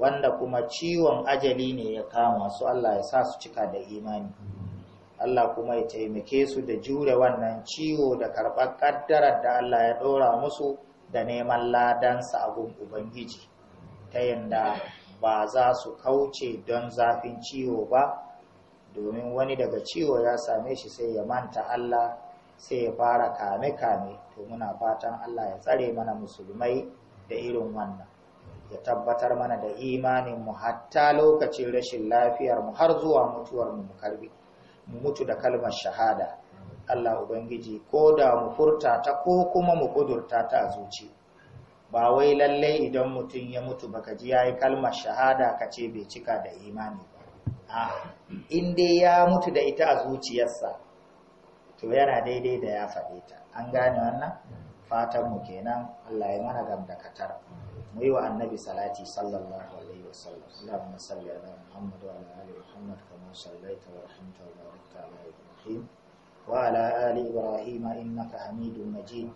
wanda kuma ciwon ajali ne ya kama su Allah ya sa su cika da imani Allah kuma ya taimake su da jure wannan ciwo da karɓar ƙaddarar da Allah ya ɗora musu da neman ladansa a gun ubangiji ta yadda ba za su kauce don zafin ciwo ba domin wani daga ciwo ya same shi sai ya manta Allah sai ya fara kame-kame to muna fatan Allah ya tsare mana musulmai da irin wannan ya tabbatar mana da imanin mu hatta lokacin rashin lafiyar mu har zuwa mutuwar mu karbi mu mutu da kalmar shahada Allah Ubangiji ko da mu furta ta ko kuma mu kudurta ta a zuci ba wai lallai idan mutum ya mutu baka ji yayi kalmar shahada ka ce bai cika da imani ba a in ya mutu da ita a zuciyarsa to yana daidai da ya faɗe ta an gane wannan fatan mu kenan Allah ya mana gamdakatar mu yi wa annabi salati sallallahu alaihi wasallam Allahumma salli ala Muhammad wa ala ali Muhammad kama sallaita wa rahimta wa barakta ala Ibrahim وعلى آل إبراهيم إنك حميد مجيد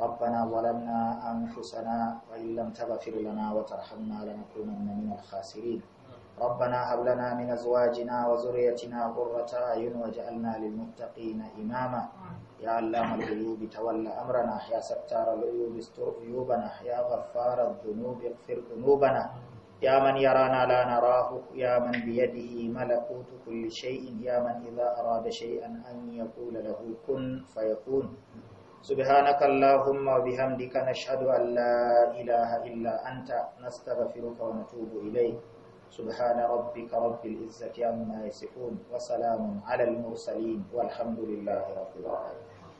ربنا ظلمنا أنفسنا وإن لم تغفر لنا وترحمنا لنكونن من الخاسرين ربنا هب لنا من أزواجنا وذريتنا قرة أعين وجعلنا للمتقين إماما يا علام الغيوب تولى أمرنا يا ستار العيوب استر عيوبنا يا غفار الذنوب اغفر ذنوبنا يا من يرانا لا نراه يا من بيده ملكوت كل شيء يا من إذا أراد شيئا أن يقول له كن فيكون سبحانك اللهم وبحمدك نشهد أن لا إله إلا أنت نستغفرك ونتوب إليك سبحان ربك رب العزة عما يصفون وسلام على المرسلين والحمد لله رب العالمين